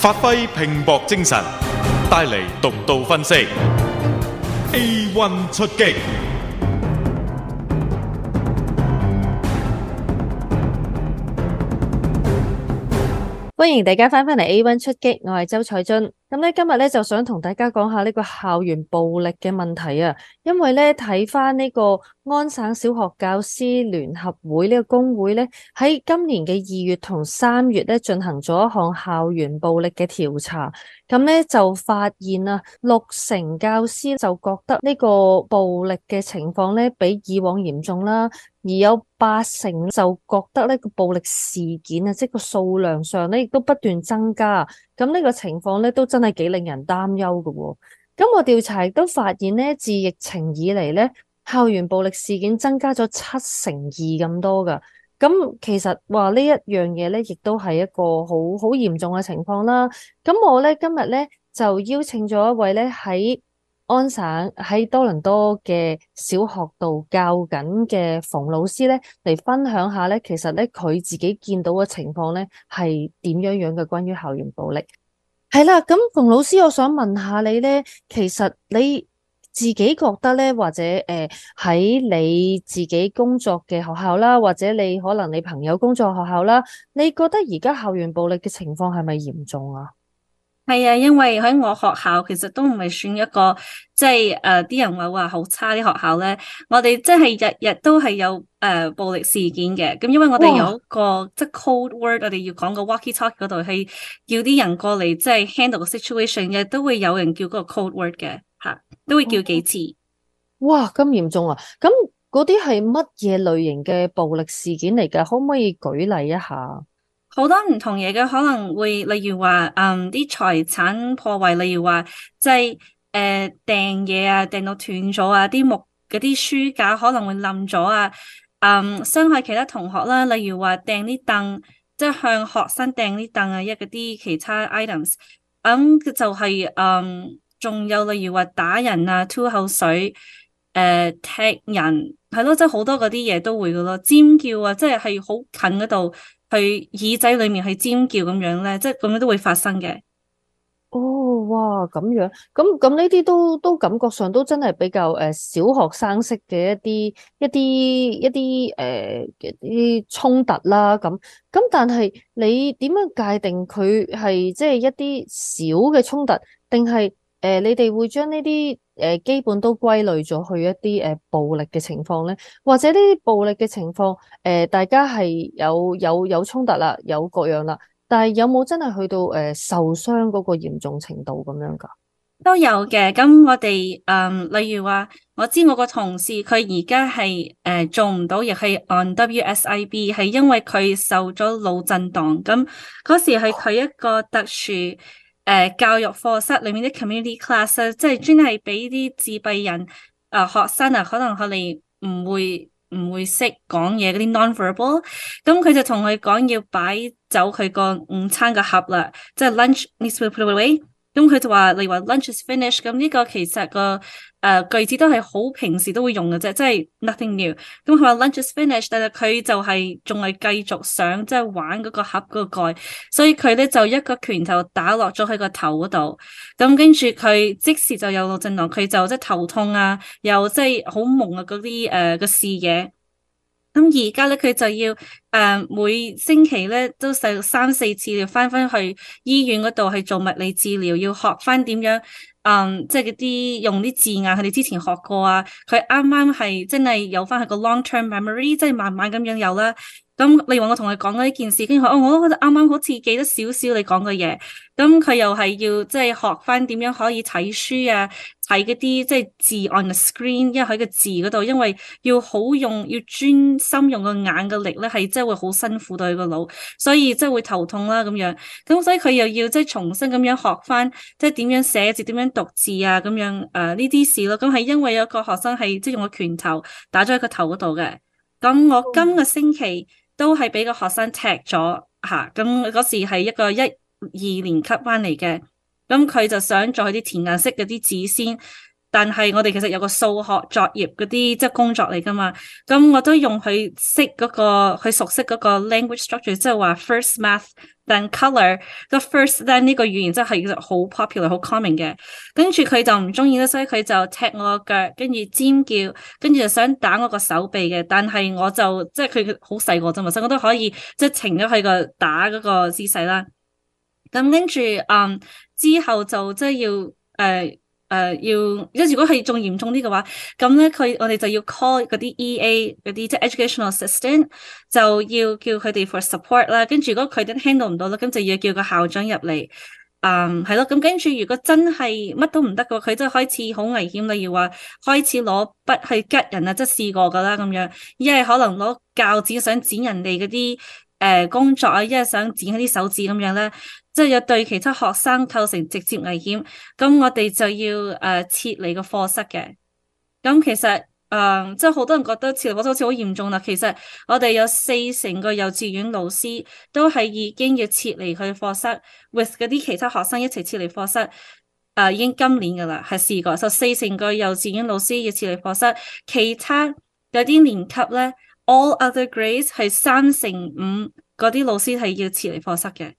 發揮拼搏精神，帶嚟獨到分析。A one 出擊，歡迎大家翻返嚟 A one 出擊，我係周彩津。咁咧，今日咧就想同大家講下呢個校園暴力嘅問題啊，因為咧睇返呢個安省小學教師聯合會呢個工會咧，喺今年嘅二月同三月咧進行咗一項校園暴力嘅調查，咁咧就發現啊，六成教師就覺得呢個暴力嘅情況咧比以往嚴重啦，而有八成就覺得呢個暴力事件啊，即個數量上咧亦都不斷增加。咁呢個情況咧都真係幾令人擔憂㗎喎。咁我調查亦都發現咧，自疫情以嚟咧，校園暴力事件增加咗七成二咁多㗎。咁其實話呢一樣嘢咧，亦都係一個好好嚴重嘅情況啦。咁我咧今日咧就邀請咗一位咧喺安省喺多倫多嘅小學度教緊嘅馮老師咧，嚟分享下咧，其實咧佢自己見到嘅情況咧係點樣樣嘅，關於校園暴力，係啦。咁馮老師，我想問下你咧，其實你自己覺得咧，或者誒喺、呃、你自己工作嘅學校啦，或者你可能你朋友工作學校啦，你覺得而家校園暴力嘅情況係咪嚴重啊？係啊，因為喺我學校其實都唔係算一個，即係誒，啲、呃、人話話好差啲學校咧。我哋即係日日都係有誒、呃、暴力事件嘅。咁因為我哋有個哇即係 code word，我哋要講個 walkie talkie 嗰度去叫啲人過嚟，即係 handle 個 situation 嘅，都會有人叫嗰個 code word 嘅吓，都會叫幾次。哇，咁嚴重啊！咁嗰啲係乜嘢類型嘅暴力事件嚟嘅？可唔可以舉例一下？好多唔同嘢嘅可能會例、嗯，例如話，嗯、就是，啲財產破壞，例如話，即係，誒，掟嘢啊，掟到斷咗啊，啲木嗰啲書架可能會冧咗啊，嗯，傷害其他同學啦，例如話掟啲凳，即係向學生掟啲凳啊，一嗰啲其他 items，咁、嗯、就係、是，嗯，仲有例如話打人啊，吐口水，誒、呃，踢人，係咯，即係好多嗰啲嘢都會噶咯，尖叫啊，即係係好近嗰度。去耳仔裏面去尖叫咁樣咧，即係咁樣都會發生嘅。哦，哇，咁樣，咁咁呢啲都都感覺上都真係比較誒、呃、小學生式嘅一啲一啲一啲誒一啲衝突啦。咁咁但係你點樣界定佢係即係一啲小嘅衝突，定係誒你哋會將呢啲？誒，基本都歸類咗去一啲誒暴力嘅情況咧，或者呢啲暴力嘅情況，誒、呃、大家係有有有衝突啦，有各樣啦，但係有冇真係去到誒、呃、受傷嗰個嚴重程度咁樣噶？都有嘅。咁我哋嗯、呃，例如話，我知我個同事佢而家係誒做唔到，亦係按 WSIB 係因為佢受咗腦震盪。咁嗰時係佢一個特殊。誒、呃、教育課室裏面啲 community class、啊、即係專係俾啲自閉人啊、呃、學生啊，可能佢哋唔會唔會識講嘢嗰啲 nonverbal，咁佢、嗯、就同佢講要擺走佢個午餐嘅盒啦，即係 lunch needs to be put away。咁佢、嗯、就話，例如話 lunch is finished，咁呢個其實、那個誒、呃、句子都係好平時都會用嘅啫，即係 nothing new。咁、嗯、佢話 lunch is finished，但係佢就係仲係繼續想即係玩嗰個盒嗰個蓋，所以佢咧就一個拳頭打落咗喺個頭度。咁跟住佢即時就有腦震蕩，佢就即係頭痛啊，又即係好蒙啊嗰啲誒個視野。咁而家咧，佢就要誒、嗯、每星期咧都上三四次要翻翻去醫院嗰度去做物理治療，要學翻點樣誒，即係嗰啲用啲字眼佢哋之前學過啊。佢啱啱係真係有翻佢個 long-term memory，即係慢慢咁樣有啦。咁例如我同佢講呢件事，跟住佢哦，我都覺得啱啱好似記得少少你講嘅嘢。咁佢又係要即係學翻點樣可以睇書啊，睇嗰啲即係字 on screen，因為佢個字嗰度，因為要好用，要專心用個眼嘅力咧，係真係會好辛苦對佢個腦，所以真係會頭痛啦咁樣。咁所以佢又要即係重新咁樣學翻，即係點樣寫字、點樣讀字啊咁樣。誒呢啲事咯，咁係因為有個學生係即係用個拳頭打咗喺個頭嗰度嘅。咁我今個星期，都係俾個學生踢咗吓。咁嗰時係一個一二年級班嚟嘅，咁佢就想做啲填顏色嗰啲紙先。但係我哋其實有個數學作業嗰啲即係工作嚟㗎嘛，咁我都用佢識嗰、嗰個佢熟悉嗰個 language structure，即係話 first math，then color，個 the first then 呢個語言真係其實好 popular 好 common 嘅，跟住佢就唔中意啦，所以佢就踢我個腳，跟住尖叫，跟住就想打我個手臂嘅，但係我就即係佢好細個啫嘛，所以我都可以即係停咗佢個打嗰個姿勢啦。咁跟住，嗯，之後就即係要誒。呃誒、呃、要，即如果係仲嚴重啲嘅話，咁咧佢我哋就要 call 嗰啲 E.A. 嗰啲，即、就、係、是、educational assistant，就要叫佢哋 for support 啦。跟住如果佢哋 handle 唔到啦，咁就要叫個校長入嚟。嗯，係咯，咁跟住如果真係乜都唔得嘅，佢都開始好危險啦。例如話開始攞筆去吉人啊，即係試過㗎啦咁樣，一係可能攞較剪想剪人哋嗰啲。誒、呃，工作啊，一係想剪一啲手指咁樣咧，即係有對其他學生構成直接危險，咁我哋就要誒、呃、撤離個課室嘅。咁其實誒，即係好多人覺得撤離課室好似好嚴重啦。其實我哋有四成個幼稚園老師都係已經要撤離佢課室，with 嗰啲其他學生一齊撤離課室。誒、呃，已經今年噶啦，係試過，就四成個幼稚園老師要撤離課室，其他有啲年級咧。All other grades 係三成五嗰啲老師係要撤離課室嘅。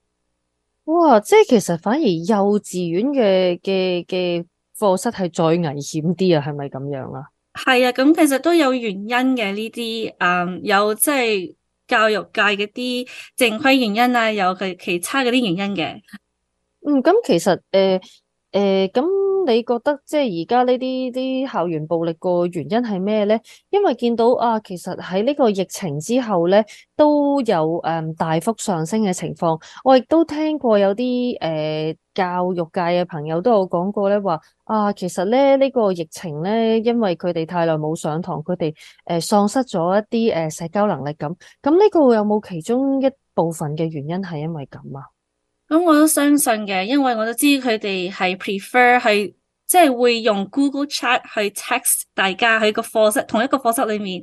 哇！即係其實反而幼稚園嘅嘅嘅課室係再危險啲啊？係咪咁樣啊？係啊，咁其實都有原因嘅呢啲，嗯，有即係教育界嗰啲正規原因啊，有係其他嗰啲原因嘅。嗯，咁其實誒誒咁。呃呃你覺得即係而家呢啲啲校園暴力個原因係咩咧？因為見到啊，其實喺呢個疫情之後咧，都有誒、嗯、大幅上升嘅情況。我亦都聽過有啲誒、呃、教育界嘅朋友都有講過咧，話啊，其實咧呢、呢個疫情咧，因為佢哋太耐冇上堂，佢哋誒喪失咗一啲誒、呃、社交能力咁。咁呢個有冇其中一部分嘅原因係因為咁啊？咁我都相信嘅，因為我都知佢哋係 prefer 係即係會用 Google Chat 去 text 大家，喺個課室，同一個課室裡面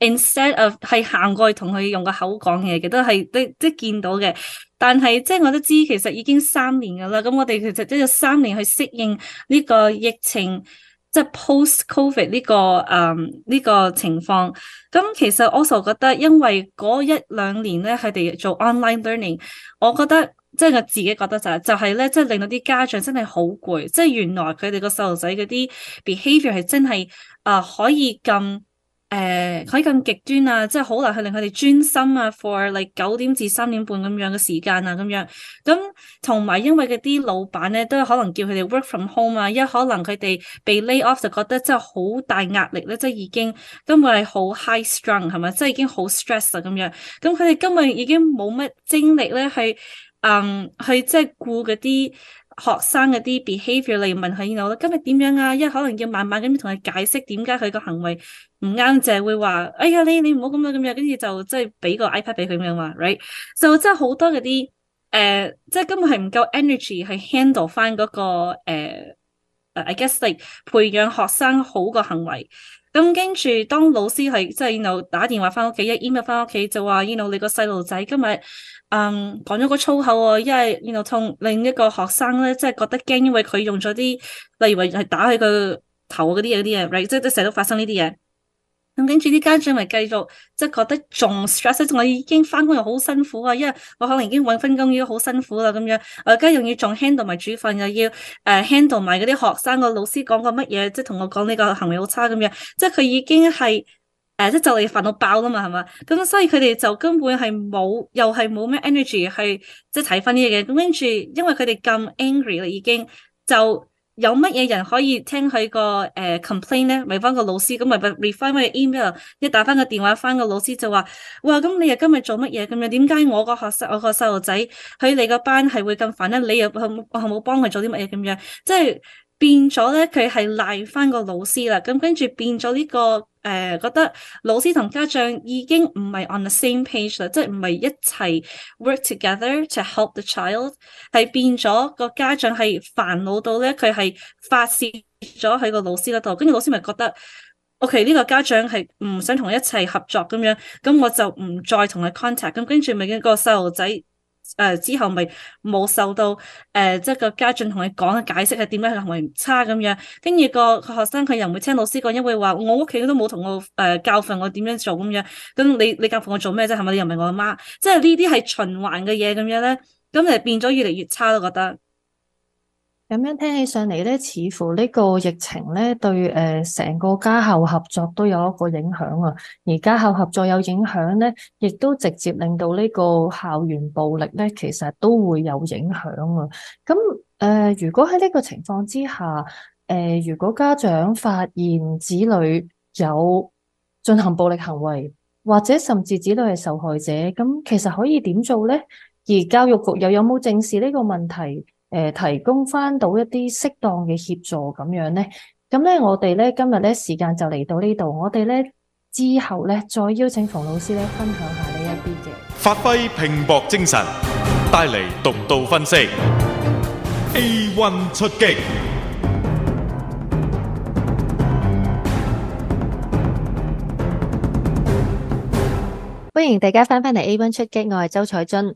，instead of 係行過去同佢用個口講嘢嘅，都係都即係見到嘅。但係即係我都知，其實已經三年嘅啦。咁我哋其實都要三年去適應呢個疫情，即係 post covid 呢個誒呢個情況。咁其實我仲覺得，因為嗰一兩年咧，佢哋做 online learning，我覺得。即係佢自己覺得就係，就係咧，即係令到啲家長真係好攰。即係原來佢哋個細路仔嗰啲 behavior 係真係啊、呃、可以咁誒、呃、可以咁極端啊，即係好難去令佢哋專心啊，for like 九點至三點半咁樣嘅時間啊咁樣。咁同埋因為嗰啲老闆咧都係可能叫佢哋 work from home 啊，一可能佢哋被 lay off 就覺得真係好大壓力咧，即係已經根本係好 high strung 係咪？即係已經好 stress 啊咁樣。咁佢哋今日已經冇乜精力咧去。嗯，um, 去即係顧嗰啲學生嗰啲 behavior 嚟問佢，you know，今日點樣啊？因為可能要慢慢咁同佢解釋點解佢個行為唔啱，就係會話，哎呀你你唔好咁樣咁樣，跟住就即係俾個 iPad 俾佢咁樣話，Right 就真係好多嗰啲誒，即係今日係唔夠 energy 去 handle 翻、那、嗰個誒誒、呃、，I guess l、like、培養學生好個行為。咁跟住當老師係即係 you know 打電話翻屋企，一 email 翻屋企就話，you know，你，你個細路仔今日。嗯，講咗、um, 個粗口啊、哦，一係然後同另一個學生咧，即係覺得驚，因為佢用咗啲，例如話係打佢個頭嗰啲嘢、啲嘢，即係都成日都發生呢啲嘢。咁跟住啲家長咪繼續，即係覺得仲 stress，我已經翻工又好辛苦啊，因為我可能已經揾分工，已經好辛苦啦，咁樣，我而家又要仲 handle 埋煮飯，又要誒 handle 埋嗰啲學生個老師講個乜嘢，即係同我講呢個行為好差咁樣，即係佢已經係。誒，即就嚟煩到爆啦嘛，係嘛？咁所以佢哋就根本係冇，又係冇咩 energy 去即係睇翻呢嘢嘅。咁跟住，因為佢哋咁 angry 啦，已經就有乜嘢人可以聽佢個誒 complain 咧？咪翻個老師，咁咪 refine 翻個 email，一打翻個電話翻個老師就話：哇，咁你又今日做乜嘢？咁樣點解我個學生，我個細路仔，佢你個班係會咁煩咧？你又係係冇幫佢做啲乜嘢？咁樣即係變咗咧，佢係賴翻個老師啦。咁跟住變咗呢個。誒、uh，覺得老師同家長已經唔係 on the same page 啦，即係唔係一齊 work together to help the child，係變咗個家長係煩惱到咧，佢係發泄咗喺個老師嗰度，跟住老師咪覺得，OK 呢個家長係唔想同佢一齊合作咁樣，咁我就唔再同佢 contact，咁跟住咪個細路仔。誒、呃，之後咪冇受到誒、呃，即係個家長同佢講嘅解釋係點解佢行為唔差咁樣，跟住個學生佢又唔會聽老師講，因為話我屋企都冇同我誒、呃、教訓我點樣做咁樣，咁你你教訓我做咩啫？係咪？你又唔係我阿媽，即係呢啲係循環嘅嘢咁樣咧，咁你變咗越嚟越差咯，我覺得。咁樣聽起上嚟咧，似乎呢個疫情咧對誒成個家校合作都有一個影響啊。而家校合作有影響咧，亦都直接令到呢個校園暴力咧，其實都會有影響啊。咁誒、呃，如果喺呢個情況之下，誒、呃、如果家長發現子女有進行暴力行為，或者甚至子女係受害者，咁其實可以點做咧？而教育局又有冇正視呢個問題？誒，提供翻到一啲適當嘅協助咁樣咧，咁咧我哋咧今日咧時間就嚟到呢度。我哋咧之後咧再邀請馮老師咧分享下呢一啲嘅發揮拼搏精神，帶嚟獨到分析。A one 出擊，歡迎大家翻翻嚟 A one 出擊，我係周彩津。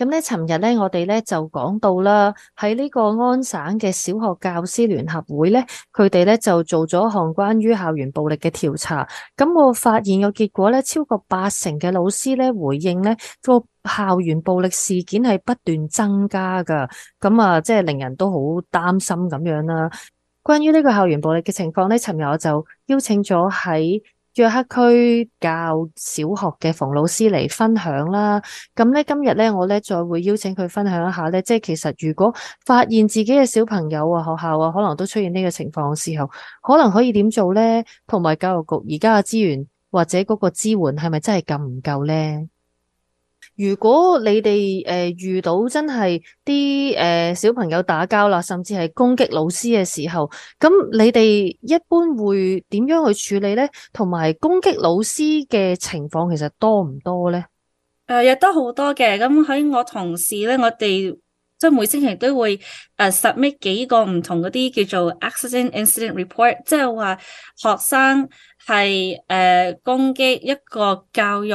咁咧，尋日咧，我哋咧就講到啦，喺呢個安省嘅小學教師聯合會咧，佢哋咧就做咗一項關於校園暴力嘅調查。咁我發現個結果咧，超過八成嘅老師咧回應咧，個校園暴力事件係不斷增加㗎。咁啊，即係令人都好擔心咁樣啦。關於呢個校園暴力嘅情況咧，尋日我就邀請咗喺約克區教小學嘅馮老師嚟分享啦，咁咧今日咧我咧再會邀請佢分享一下咧，即係其實如果發現自己嘅小朋友啊、學校啊，可能都出現呢個情況嘅時候，可能可以點做咧？同埋教育局而家嘅資源或者嗰個支援係咪真係咁唔夠咧？如果你哋誒、呃、遇到真係啲誒小朋友打交啦，甚至係攻擊老師嘅時候，咁你哋一般會點樣去處理呢？同埋攻擊老師嘅情況其實多唔多呢？誒、呃，亦都好多嘅。咁喺我同事咧，我哋即係每星期都會誒 submit、呃、幾個唔同嗰啲叫做 accident incident report，即係話學生係誒、呃、攻擊一個教育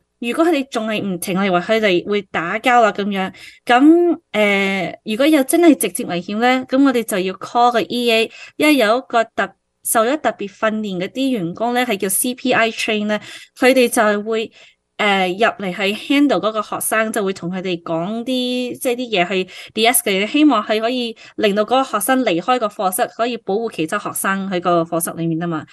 如果佢哋仲係唔停，我認為佢哋會打交啦咁樣。咁誒、呃，如果有真係直接危險咧，咁我哋就要 call 個 E.A.，因為有一個特受咗特別訓練嗰啲員工咧，係叫 C.P.I. train 咧，佢哋就係會誒入嚟去 handle 嗰個學生，就會同佢哋講啲即係啲嘢去 deescalate，希望係可以令到嗰個學生離開個課室，可以保護其他學生喺個課室裡面啊嘛。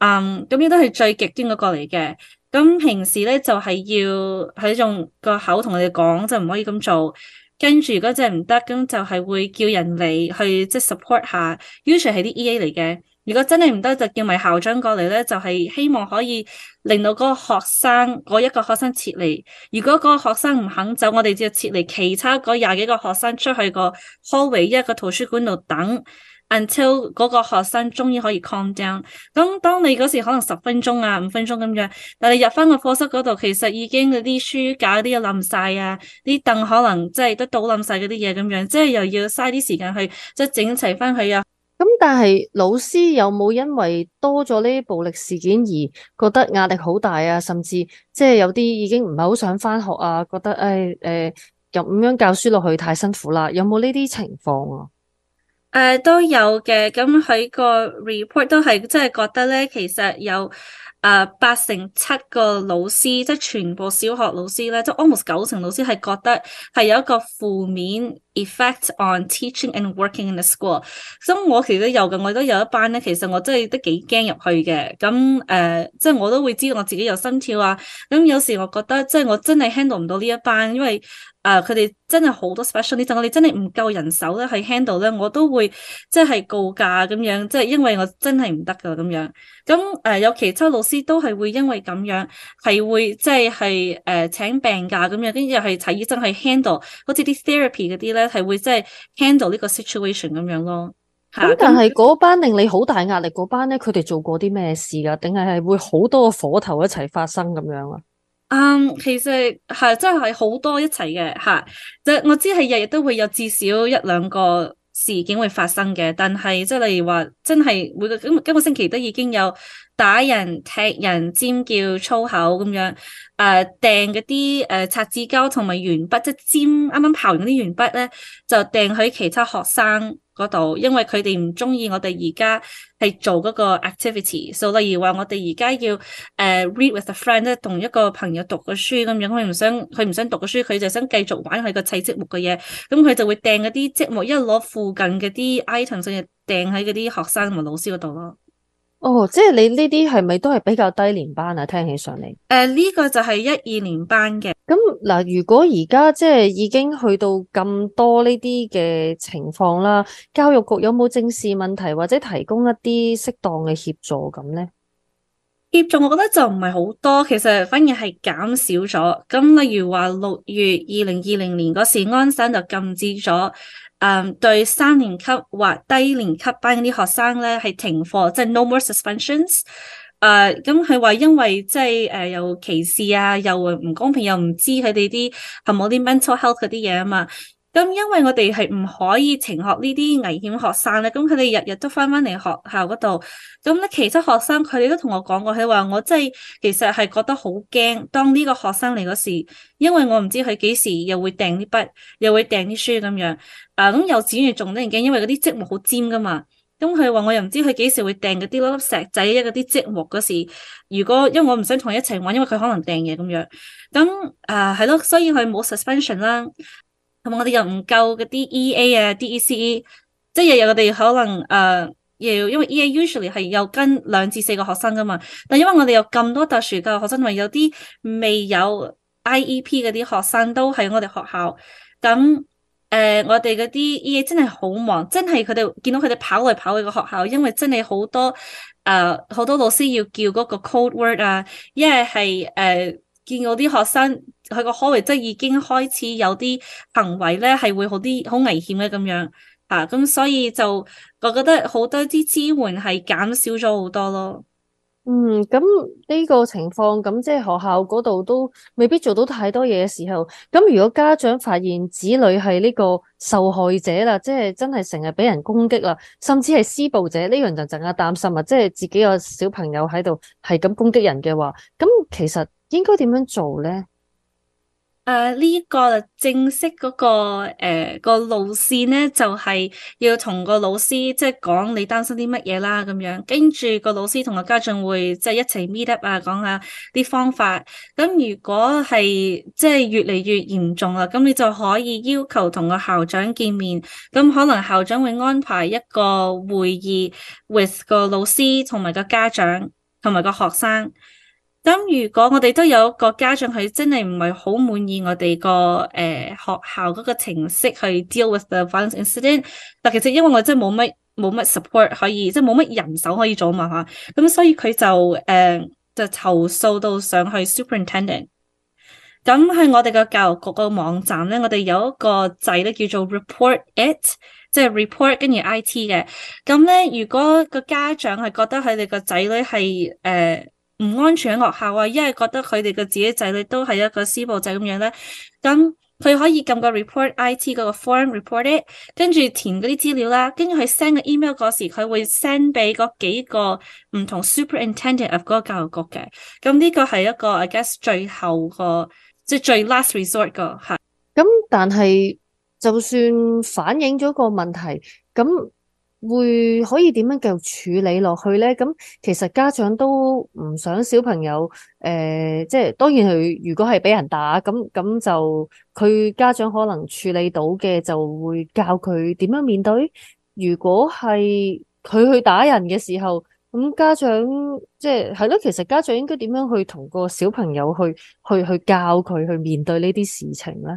嗯，咁呢都係最極端嗰個嚟嘅。咁平時咧就係、是、要喺用個口同佢哋講就唔可以咁做，跟住如果真係唔得，咁就係會叫人嚟去即係、就是、support 下。Usually 係啲 E. A. 嚟嘅，如果真係唔得就叫埋校長過嚟咧，就係、是、希望可以令到嗰個學生嗰一個學生撤離。如果嗰個學生唔肯走，我哋就要撤離其他嗰廿幾個學生出去個 hallway 一個圖書館度等。Until 嗰個學生終於可以 calm down。咁當你嗰時可能十分鐘啊，五分鐘咁樣，但係入翻個課室嗰度，其實已經嗰啲書架啲嘢冧晒啊，啲凳可能即係都倒冧晒嗰啲嘢咁樣，即係又要嘥啲時間去即係整齊翻去啊。咁、嗯、但係老師有冇因為多咗呢啲暴力事件而覺得壓力好大啊？甚至即係有啲已經唔係好想翻學啊？覺得誒誒，咁、哎呃、樣教書落去太辛苦啦？有冇呢啲情況啊？誒，uh, 都有嘅，咁佢個 report 都係，即係覺得咧，其實有。誒八、uh, 成七個老師，即、就、係、是、全部小學老師咧，即、就、係、是、almost 九成老師係覺得係有一個負面 effect on teaching and working in the school、so,。咁我其實有嘅，我都有一班咧，其實我真係都幾驚入去嘅。咁誒即係我都會知道我自己有心跳啊。咁有時我覺得即係、就是、我真係 handle 唔到呢一班，因為誒佢哋真係好多 special needs，我哋真係唔夠人手咧，係 handle 咧，我都會即係係告假咁樣，即、就、係、是、因為我真係唔得㗎咁樣，咁誒有其他老師。都係會因為咁樣，係會即係係誒請病假咁樣，跟住又係睇醫生去 handle，好似啲 therapy 嗰啲咧係會即係 handle 呢個 situation 咁樣咯。咁、嗯、但係嗰班令你好大壓力嗰班咧，佢哋做過啲咩事㗎？定係係會好多個火頭一齊發生咁樣啊？嗯，其實係真係好多一齊嘅吓，就我知係日日都會有至少一兩個事件會發生嘅，但係即係例如話，真係每個今今個星期都已經有打人、踢人、尖叫、粗口咁樣，誒掟嗰啲誒擦紙膠同埋鉛筆，即係尖啱啱刨完啲鉛筆咧，就掟喺其他學生度，因為佢哋唔中意我哋而家係做嗰個 activity，所以例如話我哋而家要誒、uh, read with a friend 咧，同一個朋友讀個書咁樣，佢唔想佢唔想讀個書，佢就想繼續玩佢個砌積木嘅嘢，咁佢就會掟嗰啲積木，一攞附近嘅啲 item 先，掟喺嗰啲學生同埋老師嗰度咯。哦，即係你呢啲係咪都係比較低年班啊？聽起上嚟，誒呢、uh, 個就係一二年班嘅。咁嗱，如果而家即係已經去到咁多呢啲嘅情況啦，教育局有冇正視問題或者提供一啲適當嘅協助咁呢？協助我覺得就唔係好多，其實反而係減少咗。咁例如話六月二零二零年嗰時，安省就禁止咗。誒，um, 對三年級或低年級班嗰啲學生咧，係停課，即、就、係、是、no more suspensions、uh, 嗯。誒，咁佢話因為即係誒，又歧視啊，又唔公平，又唔知佢哋啲有冇啲 mental health 嗰啲嘢啊嘛。咁因為我哋係唔可以停學呢啲危險學生咧，咁佢哋日日都翻翻嚟學校嗰度。咁咧，其他學生佢哋都同我講過，佢話我真係其實係覺得好驚。當呢個學生嚟嗰時，因為我唔知佢幾時又會掟啲筆，又會掟啲書咁樣。啊，咁幼稚園仲得人驚，因為嗰啲積木好尖噶嘛。咁佢話我又唔知佢幾時會掟嗰啲粒粒石仔啊，嗰啲積木嗰時。如果因為我唔想同佢一齊玩，因為佢可能掟嘢咁樣。咁、嗯、啊，係咯，所以佢冇 suspension 啦。嗯、我哋又唔夠啲 E.A. 啊，D.E.C.E. 即係日日我哋可能誒要、呃，因為 E.A. usually 係有跟兩至四個學生㗎嘛。但因為我哋有咁多特殊教育學生，同埋有啲未有 I.E.P. 嗰啲學生都喺我哋學校。咁、嗯、誒、呃，我哋嗰啲 E.A. 真係好忙，真係佢哋見到佢哋跑嚟跑去個學校，因為真係好多誒好、呃、多老師要叫嗰個 code word 啊，一係係誒。呃見我啲學生，佢個可為即已經開始有啲行為咧，係會好啲好危險嘅咁樣嚇，咁、啊、所以就我覺得好多啲支援係減少咗好多咯。嗯，咁呢個情況咁即係學校嗰度都未必做到太多嘢嘅時候，咁如果家長發現子女係呢個受害者啦，即係真係成日俾人攻擊啦，甚至係施暴者呢樣就更加擔心啊！即係自己個小朋友喺度係咁攻擊人嘅話，咁其實。應該點樣做呢？誒，呢個正式嗰個誒個路線呢，就係要同個老師即係講你擔心啲乜嘢啦，咁樣跟住個老師同個家長會即係一齊 meet up 啊，講下啲方法。咁如果係即係越嚟越嚴重啦，咁你就可以要求同個校長見面。咁可能校長會安排一個會議，with 個老師同埋個家長同埋個學生。咁如果我哋都有一個家長佢真係唔係好滿意我哋個誒學校嗰個程式去 deal with the violence incident，但其實因為我真係冇乜冇乜 support 可以，即係冇乜人手可以做嘛吓，咁、啊、所以佢就誒、呃、就投訴到上去 superintendent。咁喺我哋個教育局個網站咧，我哋有一個掣咧叫做 report it，即係 report 跟住 I T 嘅。咁咧如果個家長係覺得佢哋個仔女係誒。呃唔安全喺學校啊，因為覺得佢哋個自己仔女都係一個施暴仔咁樣咧，咁佢可以撳個 Report It 嗰個 form report it，跟住填嗰啲資料啦，跟住佢 send 個 email 嗰時，佢會 send 俾嗰幾個唔同 superintendent of 嗰個教育局嘅，咁呢個係一個 I guess 最後個即係最 last resort 個係。咁但係就算反映咗個問題，咁。會可以點樣繼續處理落去呢？咁其實家長都唔想小朋友誒、呃，即係當然係如果係俾人打咁，咁就佢家長可能處理到嘅，就會教佢點樣面對。如果係佢去打人嘅時候，咁家長即係係咯，其實家長應該點樣去同個小朋友去去去教佢去面對呢啲事情呢？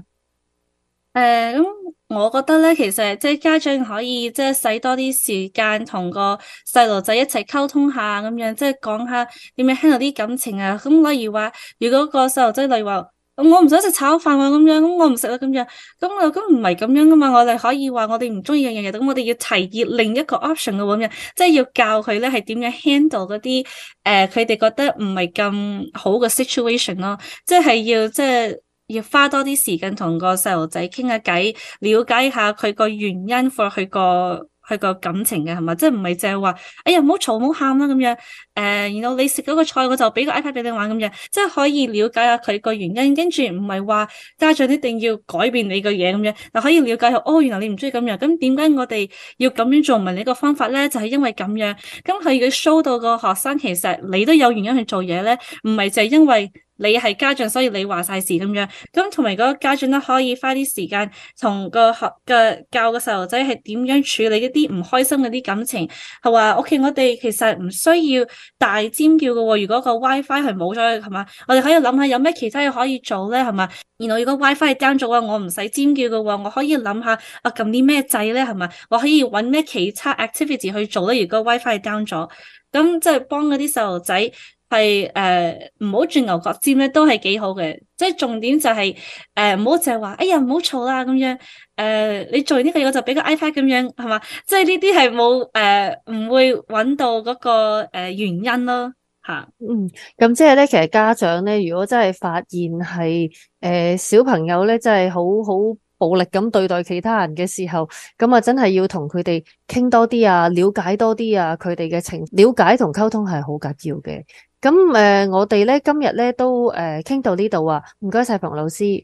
誒、嗯我覺得咧，其實即係家長可以即係使多啲時間同個細路仔一齊溝通下咁樣，即係講下點樣 handle 啲感情啊。咁例如話，如果個細路仔例如話，我唔想食炒飯喎、啊，咁樣咁我唔食啦咁樣。咁我咁唔係咁樣噶嘛，我哋可以話我哋唔中意樣樣嘢，咁我哋要提議另一個 option 嘅喎咁樣，即係要教佢咧係點樣 handle 嗰啲誒，佢、呃、哋覺得唔係咁好嘅 situation 咯，即、就、係、是、要即係。就是要花多啲時間同個細路仔傾下偈，了解下佢個原因，for 佢個佢個感情嘅係嘛？即係唔係淨係話，哎呀唔好嘈唔好喊啦咁樣。誒，然後你食嗰個菜，我就俾個 iPad 俾你玩咁樣。即係可以了解下佢個原因，跟住唔係話家長一定要改變你嘅嘢咁樣。嗱，可以了解下，哦，原來你唔中意咁樣。咁點解我哋要咁樣做唔係呢個方法咧？就係因為咁樣。咁佢以 show 到個學生，其實你都有原因去做嘢咧，唔係就因為。你係家長，所以你話晒事咁樣。咁同埋嗰啲家長都可以花啲時間同個學嘅教個細路仔係點樣處理一啲唔開心嗰啲感情。係話，OK，我哋其實唔需要大尖叫嘅喎、哦。如果個 WiFi 係冇咗，係嘛？我哋可以諗下有咩其他嘢可以做咧，係嘛？然後如果 WiFi 係 down 咗，我唔使尖叫嘅喎，我可以諗下我撳啲咩掣咧，係、啊、嘛？我可以揾咩其他 activity 去做咧？如果 WiFi 係 down 咗，咁即係幫嗰啲細路仔。係誒，唔好鑽牛角尖咧，都係幾好嘅。即係重點就係、是、誒，唔好淨係話，哎呀，唔好吵啦咁樣。誒、呃，你做呢個嘢我就俾個 iPad 咁樣，係嘛？即係呢啲係冇誒、唔、呃、會揾到嗰個誒原因咯，吓。嗯，咁即係咧，其實家長咧，如果真係發現係誒、呃、小朋友咧，真係好好暴力咁對待其他人嘅時候，咁啊真係要同佢哋傾多啲啊，了解多啲啊，佢哋嘅情了解同溝通係好緊要嘅。咁誒、呃，我哋咧今日咧都誒傾、呃、到呢度啊，唔該晒馮老師。